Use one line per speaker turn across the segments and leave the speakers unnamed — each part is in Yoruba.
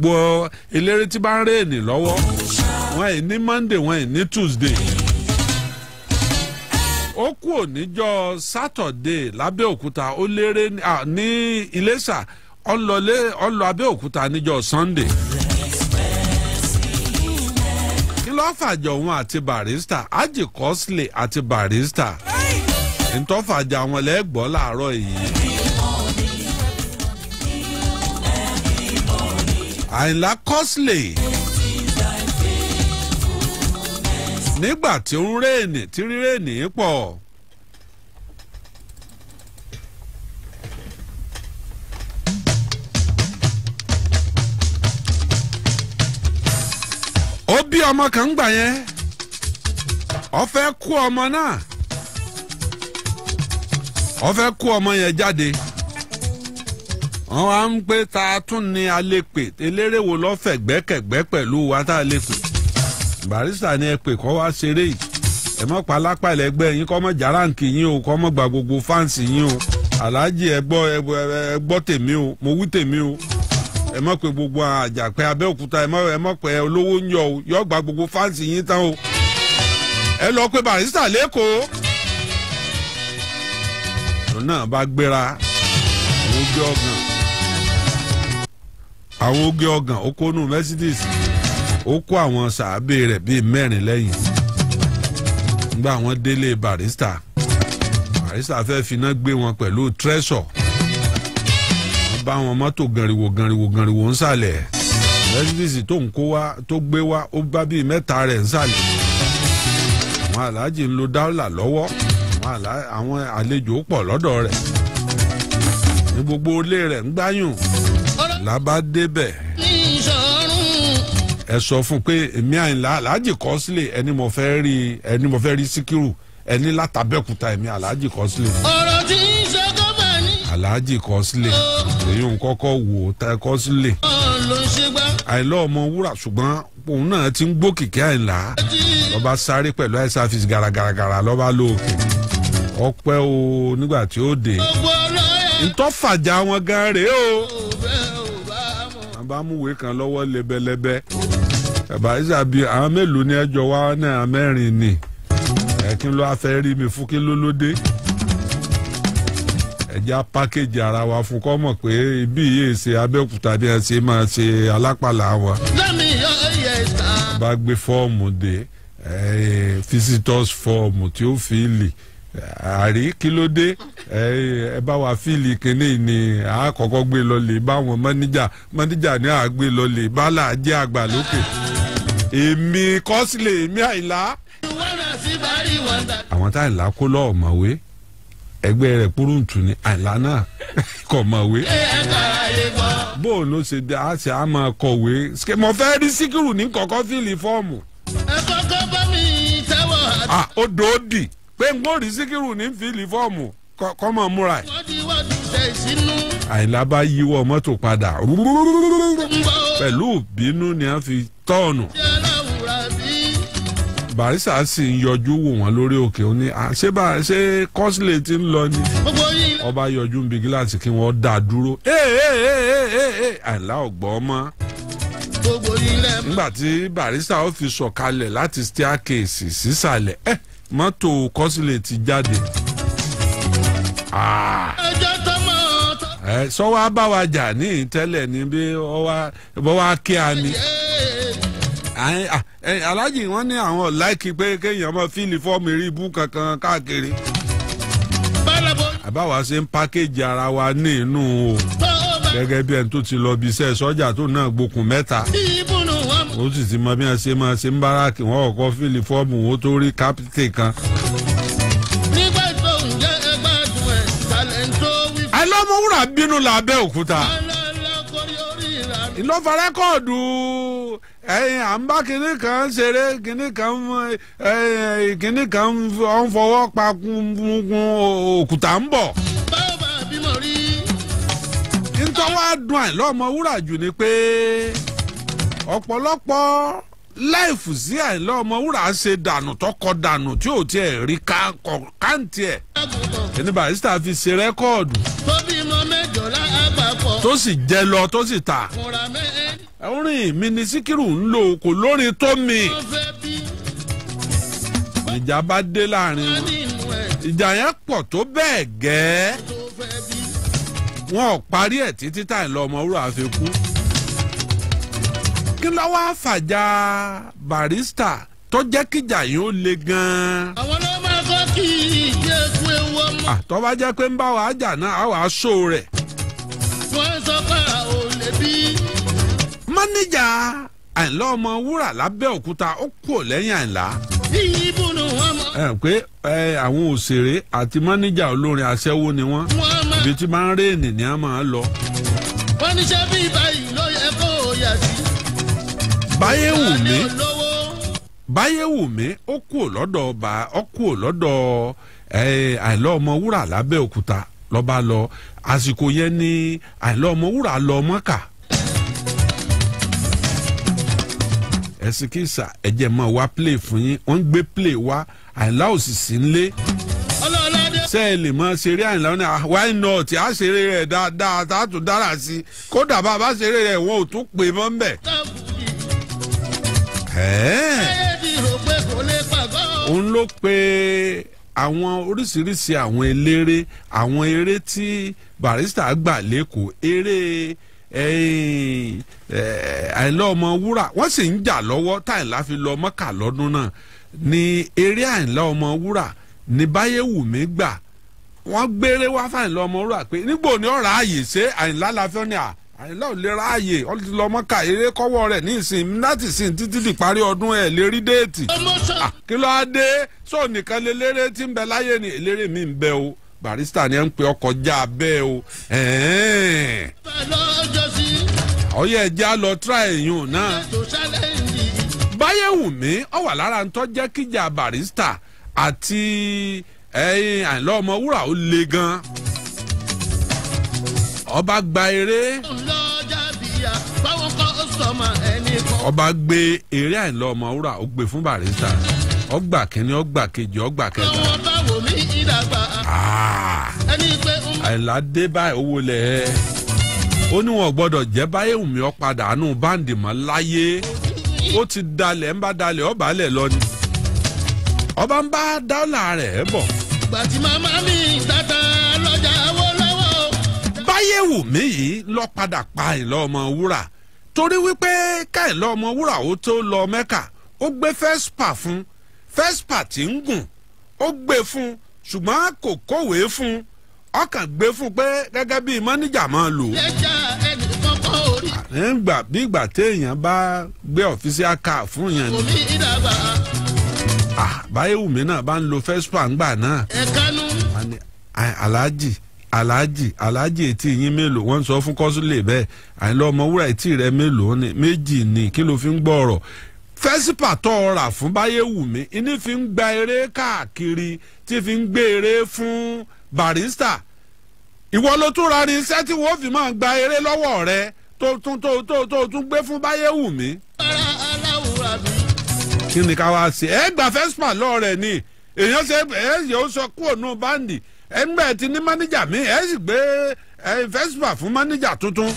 gbogbo eléré tí bá ń réènì lọ́wọ́ wọn ì ní monday wọn ì ní tuesday ó kú òníjọ́ saturday lábẹ́òkúta ó léré ní iléṣà ọlọ abẹ́òkúta níjọ́ sunday kí ló fàjà òun àti barista Aji Cosly àti barista ntọ́fàjà wọn lẹ́gbọ́ láàárọ̀ yìí. àyìnlá kọ́sìlè nígbà tí ó ń rèèní tí rírèèní pọ̀. ó bí ọmọ kan gbà yẹn ọ fẹ́ kú ọmọ náà ọ fẹ́ kú ọmọ yẹn jáde. wọn wá ń ta tún ni a lè pè eléré wo lọ́fẹ̀ gbẹ́kẹ̀gbẹ́ pẹ̀lú wa tá a lè pè barista ni ẹ pè kọ́ wá ṣeré yìí ẹ mọ̀ pa lápá ẹlẹgbẹ́ yín kọ́ yín o kọ́ mọ̀ gba gbogbo fáǹsì yín o aláàjì ẹ gbọ́ ẹ gbọ́ tèmi o mo wí tèmi o ẹ gbogbo àjàpẹ́ abẹ́òkúta ẹ mọ̀ ẹ olówó ń yọ o yọ o àwọn oge ọgàn ó kó nù Mercedes ó kó àwọn sàábé rẹ̀ bíi mẹ́rin lẹ́yìn nígbà àwọn délé barista barista fẹ́ finá gbé wọn pẹ̀lú trẹ́sọ̀ wọ́n bá wọn mọ́tò gànriwò gànriwò gànriwò ńsàlẹ̀ Mercedes tó ń kó wá tó gbé wá ó bá bíi mẹ́ta rẹ̀ ńsàlẹ̀ àwọn aláàjì ń lo dáúlà lọ́wọ́ àwọn àlejò pọ̀ lọ́dọ̀ rẹ̀ ní gbogbo ilé rẹ̀ ń gbáyùn làbá débẹ̀ ẹ sọ fún pé èmi àyìnlá aláàjì kọ́ sílẹ̀ ẹni mo fẹ́ rí ẹni mo fẹ́ rí síkírù ẹni látàbẹ́kúta èmi aláàjì kọ́ sílẹ̀.
ọ̀rọ̀ tí ń sọ gọ́bà
ni. aláàjì kọ́ sílẹ̀ èyí ń kọ́kọ́ wò ó tá ẹ kọ́ sílẹ̀. àìlọ́ ọmọ wúrà ṣùgbọ́n òun náà ti ń gbó kìkì àyìnlá lọ́ba sáré pẹ̀lú ẹ̀ sáfíìsì gàràgàràgàrà lọ́ba lóòkè ọpẹ́ o nígbà tí ó dé ntọ́fàjà wọn gan rèé o bá múwèé kan lọ́wọ́ lẹ́bẹ̀lẹ́bẹ̀ ẹ̀bàrísà bíi àwọn mélòó ni ẹjọ́ wá náà mẹ́rin ni ẹ̀kín ló afẹ́ rí mi fún kí ló ló pákéjì ara wa fún kọ́ mọ̀ pé ibi yìí ṣe abẹ́òkúta ni ẹ ṣe máa ṣe alápàlà wa bá gbé fọ́ọ̀mù dé visitors fọ́ọ̀mù tí ó fi lè. àrí kí ló dé ẹ bá wa fíìlì kínní ni a kọ́kọ́ gbé lè báwọn mọ́níjà mọ́níjà ni a gbé lè bá àgbà lókè èmi kọ́sílẹ̀ èmi àìlá. àwọn tá àìlá kó lọ́ọ̀ mọ̀wé ẹgbẹ́ rẹ̀ púrúǹtù ni àìlá náà kọ̀ mọ̀wé. bóun ló ṣe dé a ṣe máa kọ̀wé mo fẹ́ rí síkírù ní fíìlì fọ́ọ̀mù.
ẹ kọ́kọ́ bá
pé n kò rí síkírù ní fíìlì fọ́ọ̀mù kọ́mọ múra ẹ̀. àyìnlá bá yíwọ́ mọ́tò padà pẹ̀lú bínú ni a fi tọ́ọ̀nù barisa sì ń yọjú wò wọ́n lórí òkè ó ní ṣé bá ṣe kọ́sílẹ̀ ti ń lọ ni ọba yọjú ń bi gíláàsì kí wọ́n dá dúró àìlá ọ̀gbọ́n ọmọ nígbà tí barisa ó fi sọ̀kalẹ̀ láti staircase sísàlẹ̀ Eh, mọ́tò kọ́sílẹ̀ ti jáde. Ah. ẹ sọ́wọ́ á bá wa jà ní ìtẹ́lẹ̀ ní bí wọ́n wá kí a ní. aláàjì wọn ní àwọn láìkí pé kéèyàn mọ fíìlì fọ́ọ̀mù rí ibú kankan káàkiri. àbáwá ṣe ń pákéjì ara wa ní inú o gẹ́gẹ́ bí ẹni tó ti lọ bí iṣẹ́ sọ́jà tó náà gbókun mẹ́ta. ó sì ti mọ bí wọ́n ṣe máa ṣe ń báràkì wọn ọ̀kọ́ fìlì fọ́ọ̀mù wọn tó rí kápítì kan.
nígbà tó ń jẹ́ ẹgbẹ́ ẹ̀dùn ẹ̀ tàlẹ́ńtò
wí. Àlọ́mọwúrà bínú l'Abẹ́òkúta. ìlọ́fà rẹ́kọ̀dù ẹyin à ń bá kinní kan ṣeré kinní kan kinní kan ń fọwọ́ pa òkúta ń bọ̀. dùn jù ni pé. ọ̀pọ̀lọpọ̀ láìfù sí àìlọ́ ọmọwúrà ṣe dànù tọkọ dànù tí ò tiẹ̀ rí káǹtì ẹ̀ ẹni Barrister fi ṣe rẹ́kọ̀ọ̀dù tó sì jẹ lọ tó sì ta orin mi ni Síkírù ń lò kò lórin tó mi ìjà bá dé láàrin wọn ìjà yẹn pọ̀ tó bẹ́ẹ̀ gẹ́ẹ́ wọn ò parí ẹ̀ títí táìlọ́ ọmọwúrà fi kú. kí ló wá fàjà barista tó jẹ́ kíjà yìí ó le gan-an.
àwọn ló máa kọ́ kí ìjẹ́ kú
ọmọ. jẹ́ pé ń bá wàá jà náà á wàá sọ rẹ̀.
wọ́n sọ pé lè bí.
mánéjà àìlá ọmọ wúrà lábẹ́òkúta ó kú ò lẹ́yìn àìlá. mọ. ẹ pé àwọn òṣèré àti olórin ni ibi tí máa ń ni lọ.
wọ́n ní ló yẹ
báyé wù mí ó kúò lọ́dọ̀ ọba ó kúò lọ́dọ̀ àìlọ́ wúrà lábẹ́ òkúta lọ́ba lọ àsìkò yẹn ni àìlọ́ ọmọ wúrà lọ mọ́kà. ẹ̀sìn kìsà ẹ̀jẹ̀ máa wá play fún yín wọn ń gbé play wá àìlá òsìsì ńlé ṣé ẹ lè mọ ṣeré àìlá ní ah, why not á ṣeré rẹ̀ dáadáa tá a tún dára sí i kódà bá a bá ṣeré rẹ̀ wọn ò tún pè mọ́ ń òun ló pe àwọn oríṣiríṣi àwọn eléré àwọn eré tí Barrister gbà lẹ́kọ̀ọ́ eré eh, eh, àìlọ́ ọmọ wúrà wọ́n sì ń jà lọ́wọ́ táìlá fi lọ mọ́kà lọ́dún náà ni eré àìlọ́ ọmọ wúrà ní báyẹ̀wùmí gbà wọ́n gbére wá fáìlọ́ ọmọ wúrà pé nígbò ní ọ̀rọ̀ ààyè ṣé àìlá la fẹ́ ni à àyìnlá ò lè ráàyè ó ti lọ mọ́ka eré kọ́wọ́ rẹ̀ ní ìsìn láti sìn títí di parí ọdún ẹ̀ lè rí déètì. Ah, kí ló á dé sóò nìkan lè tí ń bẹ láyé ni eléré mi ń bẹ o barista ni ẹ ń pe ọkọ̀ já bẹ́ẹ̀ o. ọyẹ ẹja lọ tra èèyàn náà. Báyẹ̀wùmí ó wà lára ń tọ́ kíjà barista àti ẹ̀yìn àìlọ́ ọmọ wúrà ó le gan-an. ọba gba eré ọba gbé eré àìlọ ọmọ wúrà ó gbé fún Barrister ọgbà kínní ọgbà kejì ọgbà kẹta. Ah! àìládé báyìí owó lẹ ẹ ó ní gbọ́dọ̀ jẹ́ ọ padà ánú báǹdì mọ́ láyé ọba lẹ̀ lọ ni ọba adéwùmí yìí lọ padà pa ìlọ ọmọ wúrà torí wípé ká ìlọ ọmọ wúrà ó tó lọ mẹ́kà ó gbé fẹ́spà fún fẹ́spà tí ń gùn ó gbé fún ṣùgbọ́n kò kówèé fún ọkàn gbé fún pé gẹ́gẹ́ bíi mọ́níjà máa lò ó. nígbà bí ìgbà téèyàn bá gbé ọ̀fíìsì aka fún yẹn ni. báyìí ah, wùmí náà bá ń lo fẹ́spà ńgbà náà. alhaji aláàjì aláàjì etí yín mélòó wọ́n ń sọ fún kọ́sùlẹ̀ bẹ́ẹ̀ àyìnlá ọmọwúrà etí rẹ mélòó ni méjì ni kí ló fi ń gbọ́ ọ̀rọ̀ fẹ́sípà tó ọ̀rà fún báyéwùmí iní fi ń gba eré káàkiri tí fi ń gbé eré fún barista ìwọ ló tún ra irinṣẹ́ tí wọ́n fi máa gba eré lọ́wọ́ rẹ tó tún tó tó tó tún gbé fún báyéwùmí. kí ni ká wá sí ẹ gbà fẹ́sípà lọ́ọ̀rẹ́ ni èèyàn ṣe ẹ yóò sọ kúrò nù báńdì ẹgbẹ́ ti ní mánéjà mi ẹ sì gbé fẹ́sùpà fún mánéjà tuntun.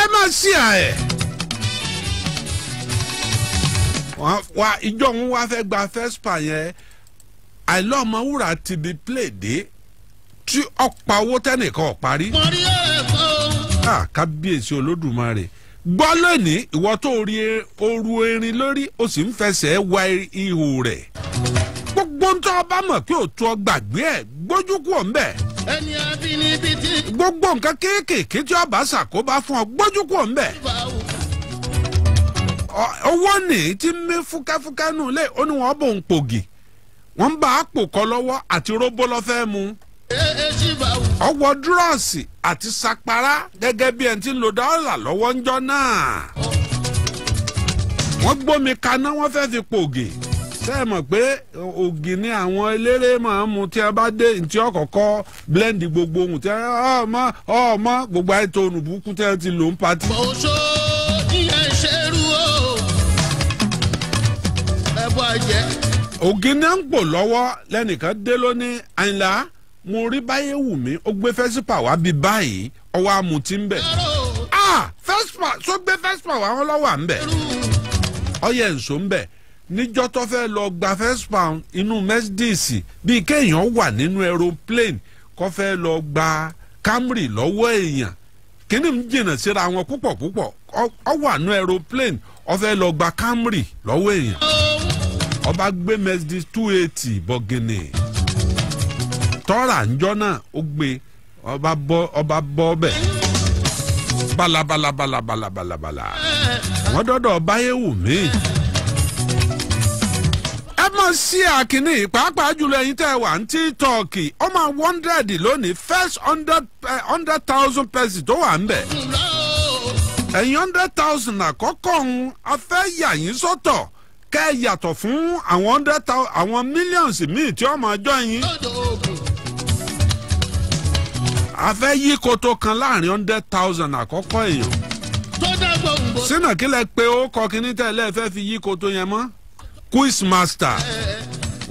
ẹ má ṣí à ẹ̀. wa ìjọ òun wá fẹ́ gba fẹ́sùpà yẹn àìlọ́ ti di pléèdè tí ọ̀pá owó tẹ́nìkan parí. kábíyèsí olódùmarè gbọ́ lónìí ìwọ tó rí e, oru erin lórí o sì ń fẹsẹ̀ wá ihò rẹ̀. tó bá mọ̀ pé o tó gbàgbé ẹ̀ gbójú kú ń bẹ̀. ẹni tí. gbogbo nǹkan kéékèèké tí fún ọ gbójú kú ń bẹ̀. owó ti mí fúkẹ́fúkẹ́ nù lé oníwọ̀n bò ń pògì wọ́n àti róbó àti sapara gẹ́gẹ́ bí ẹni tí ń lo dọ́là lọ́wọ́ náà. wọ́n gbómi kaná wọ́n fi pògì. ṣe mọ̀ pé ògì ni àwọn eléré máa ń mu tí a bá dé tí ó kọ́kọ́ gbogbo ohun tí ọmọ ọmọ gbogbo àìtó onùbùkún tí wọ́n ti lò ń patí. mo
ṣó ìyẹn ṣerú o ẹ bọ́ àjẹ́.
ògì náà ń pò lọ́wọ́ lẹ́nìkan dé lónìí àyìnlá mo rí báyé wù mí ó gbé fẹ́sípà wá bí báyìí ọwọ́ amutí ń bẹ̀. ah fẹ́sípà sọ gbé fẹ́sípà wá wọn lọ́wọ́ à ń bẹ̀ ọyẹ nsọ ń bẹ̀ níjọ́ tó fẹ́ lọ gba first pound inú Mercedes bíi kéèyàn wà nínú aeroplane kó fẹ́ lọ gba Camry lọ́wọ́ èèyàn kíní ń jìnnà síra wọn púpọ̀ púpọ̀ ó wà nínú aeroplane ó fẹ́ lọ gba Camry lọ́wọ́ èèyàn ó bá gbé Mercedes two eighty bọ̀gìnì tọ́ra ńjọ́ náà ó gbé ó bá bọ́ ó bá bọ́ bẹ́ẹ̀ balabalabalabalabala wọn dọdọ báyé wù mí. máa ṣí àkíní pàápàá jùlọ ẹ̀yin tẹ́ ẹ wà ní tiktok ó máa hundred lónìí first hundred eh, thousand pesi tó wà ń ẹ̀yin hundred thousand àkọ́kọ́ ń afẹ́ yà sọ́tọ̀ kẹ́ ẹ yàtọ̀ fún àwọn hundred thousand àwọn millions míì jọ afẹ́ yí kan láàrin hundred thousand àkọ́kọ́ èèyàn. sínú pé ó kíní fi yí koto yẹn quiz master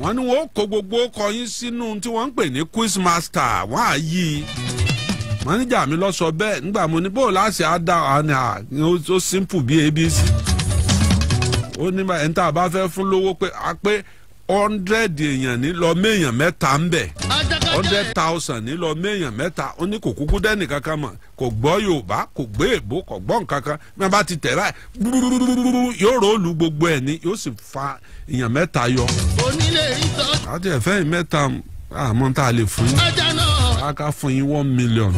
wọ́n ni wọ́n kọ gbogbo ọkọ̀ yín sínú tí wọ́n ń pè ní quiz master wọ́n á yí i mọ́níjà mi lọ sọ bẹ́ẹ̀ nígbà mo ní bó láti ọ àná ó simple bí abc ó ní ẹni tá bá fẹ́ fún lówó pé a pé hundred èèyàn ní lọ mẹ́ta ń bẹ̀.
ajá hundred
thousand nílọ méèyàn mẹ́ta ó ní kò kúkú dẹ́nì kankan mọ̀ kò gbọ́ yorùbá kò gbé èbó kò gbọ́ nǹkan kan bí wọ́n bá ti tẹ̀ láì gbúgbúgbúgbú yóò róòlù gbogbo ẹ̀ ní yóò sì fa èèyàn mẹ́ta yọ.
onílé ìtọ́.
àti ẹ̀fẹ́ yìí mẹ́ta àmọ́ tá a lè fún yín a ká fún yín one million.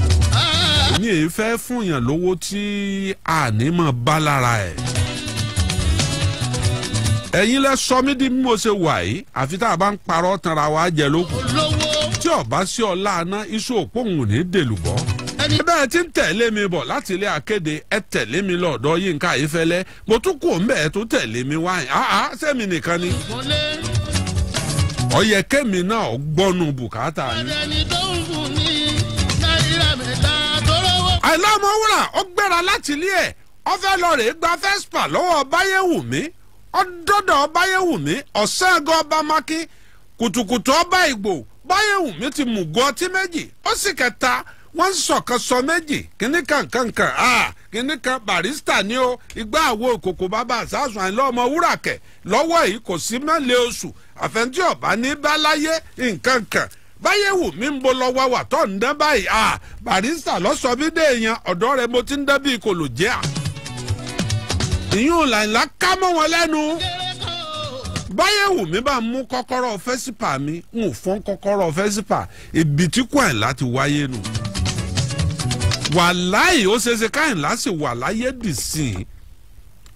ní èyí fẹ́ fún yàn lówó tí àní mọ̀ bá lára ẹ̀ ẹ̀yin lẹ sọ mí di bí mo ṣe wà yìí àfi tá a bá ń parọ́ tanra wa jẹ lókun. tí ọba sí ọ láàánú iṣu òpó òun ní dèlùbọ́. ẹni bẹ́ẹ̀ ti ń tẹ̀lé mi bọ̀ láti ilé akéde ẹ tẹ̀lé mi lọ́dọ̀ Yínká Ayéfẹ́lẹ́ mo tún kù ń bẹ̀ tó tẹ̀lé mi wáyìn áá sẹ́mi nìkan ni. ọyẹ kẹ́mi náà gbọ́nu bùkátà ni. àìlọ́mọwúrà ó gbéra láti ilé ẹ̀ ó fẹ́ lọ rèé gba Vespa lọ́wọ́ Báyẹ̀wùmí ọdọ́dọ̀ Báyẹ̀wùmí ọba mákín kùtùkùtù ọba ìgbò báyẹ̀wù mi ti mú ọtí méjì ó sì kẹta wọn sọ méjì kínní kankankan ah kínní kan barista ni ó igbá àwo ìkòkò bàbá àsáàsùn àìlọ́ ọmọ wúràkẹ lọ́wọ́ yìí kò sí mẹ́lẹ̀ oṣù ọ̀bá ní bá ń bo báyìí a barista bí ọ̀dọ́ rẹ mo ti ń dán báyẹ̀ wù mí bá mú kọ́kọ́rọ́ fẹ́sípà mi n ò fọ́n kọ́kọ́rọ́ fẹ́sípà ibi tí kò àyìnlá ti wáyé nù. wàláì ó ṣeéṣe káyìnlá sì wà láyé dì sí i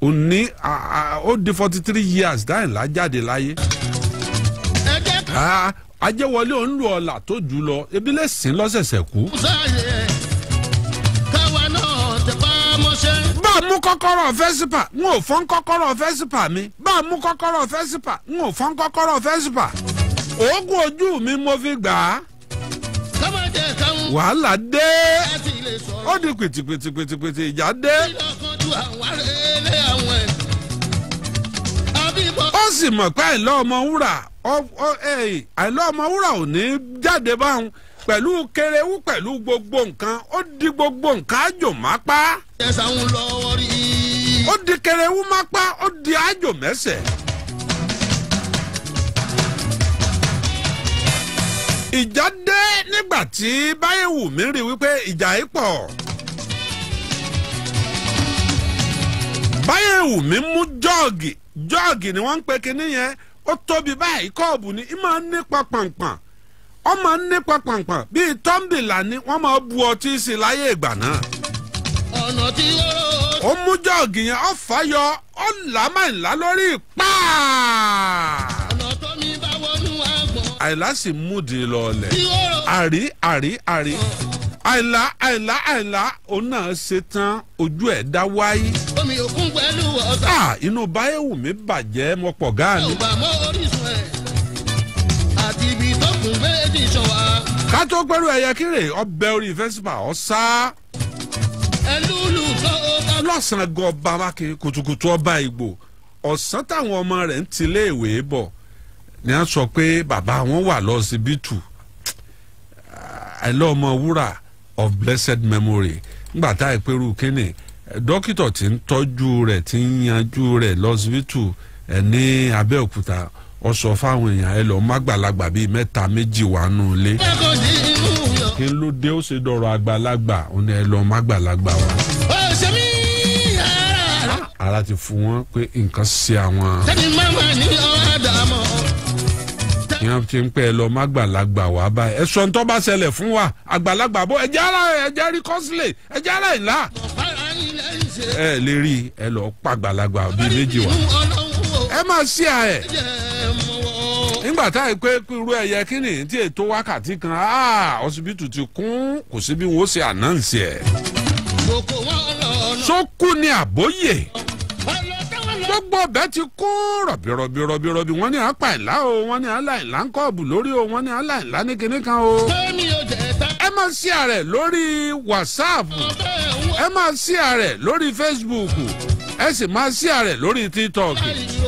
ò ní ó di forty three years dáyìnlá jáde láyé. Ah, ajẹ́wọlé òun lù ọ̀la tó jù lọ ebi lè sìn lọ́sẹ̀sẹ̀ kú. mú kọ́kọ́rọ́ fẹ́sípà n ò fọ́n kọ́kọ́rọ́ fẹ́sípà mi bá a mú kọ́kọ́rọ́ fẹ́sípà n ò fọ́n kọ́kọ́rọ́ fẹ́sípà òògùn ojú mi mo fi gbà á
wàhálà dé
ó di pìtìpìtìpìtìpìtì ìjà dé ó sì mọ̀ pé àìlọ́ ọmọ wúrà àìlọ́ ọmọ wúrà ò ní jáde báwọn. pẹ̀lú kerewu pẹ̀lú gbogbo nǹkan ó di gbogbo nǹkan àjò má pa. ẹ̀sà ó di kerewu má pa ó di àjò mẹ́sẹ̀. ìjà dé nígbà tí báyẹ̀wò rí wípé ìjà yìí pọ̀. báyẹ̀wò mi mú ni wọ́n ń pe yẹn ó tóbi báyìí kọ́ọ̀bù ọ máa ń nípa pàǹpàǹ bíi tọ́ḿbìlà ni wọn máa bu ọtí sí láyé ìgbà náà.
ọ̀nà tí ó. ó
mú jọ́ọ̀gì yẹn ńlá lórí pa.
ọ̀nà tó mi bá wọnú
àìlá sì múdi lọlẹ̀ àrí àrí àrí àìlá àìlá àìlá òun náà ojú wáyé. omi inú báyẹ̀wò bàjẹ́ mọ́pọ̀ gáà
dákun méjì ṣọwá.
ká tó pẹ́rù ẹ̀yẹ kírè ọbẹ̀ orí fẹ́sìmà ọ̀sá.
ẹlúlu tó
o ká. lọ́sàn-án gan ọba wákè kùtùkùtù ọba ìgbò ọ̀sán táwọn ọmọ rẹ̀ ń tilé ìwé bọ̀ ni a sọ pé bàbá wọn wà lọ́sibítù àìlọ́mọ wúrà of blessed memory ngbà tá ìpẹ́rù kínní dókítà tí ń tọ́jú rẹ̀ tí ń yanjú rẹ̀ lọ́sibítù ẹ̀ ní Abẹ́òkúta ó sọ fáwọn èèyàn ẹ lọ má gbàlagbà bíi mẹ́ta méjì wà nù ilé. kí ló dé ó ṣe dọ̀rọ̀ àgbàlagbà ó ní ẹ lọ má gbàlagbà wá. ara ti fún wọn pé nǹkan ṣe àwọn. ní wọn ti ń pẹ́ ẹ lọ má gbàlagbà wá báyìí ẹ sọ ní bá ṣẹlẹ̀ fún wa àgbàlagbà bó ẹjẹ́ ara ẹjẹ́ rí kọ́sílẹ̀ ẹjẹ́ ara ìlà. ẹ lè rí ẹ lọ pàgbàlagbà bíi méjì wá. ẹ máa ṣí à ẹ nígbà tá à ń pé eto ẹyẹ kí ni tí ah, ti kún kò sí wo anansi ṣe So ẹ. sókú ni àbóyè gbogbo ọbẹ̀ ti kún rọ̀bì rọ̀bì rọ̀bì wọ́n ní o wọ́n ni aláìlá ń lórí o wọ́n ní ìlà ní kinní kan o. ẹ máa lórí whatsapp ẹ máa ṣí lórí facebook ẹ sì máa lórí tiktok.